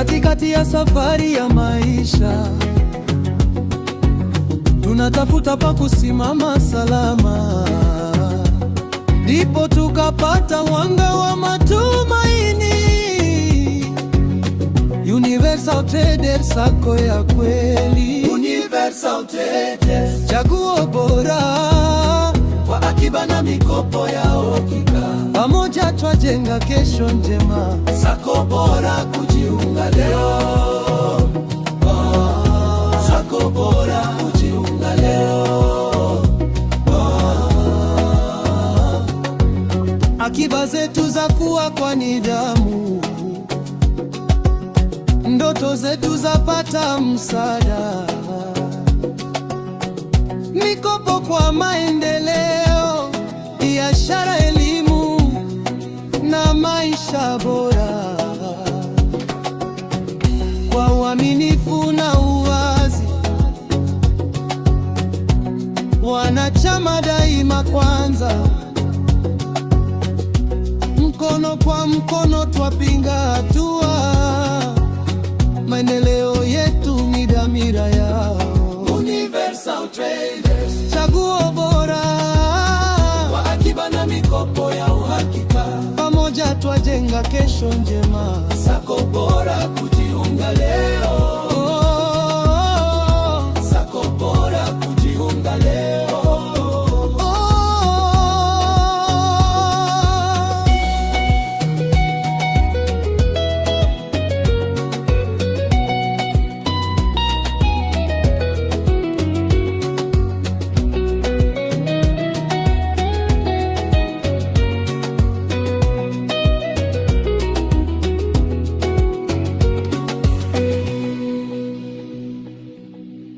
Katikati ya safari ya maisha, tunatafuta pa kusimama salama, ndipo tukapata mwanga wa matumaini, Universal Trader, sako ya kweli. Universal Trader, chaguo bora kwa akiba na mikopo ya pamoja twajenga kesho njema. Sako bora kujiunga leo. Oh, sako bora kujiunga leo. Oh, Akiba zetu za kuwa kwa nidhamu, ndoto zetu zapata msaada, mikopo kwa maendeleo, biashara na maisha bora kwa uaminifu na uwazi. Wanachama daima kwanza, mkono kwa mkono twapinga kesho njema.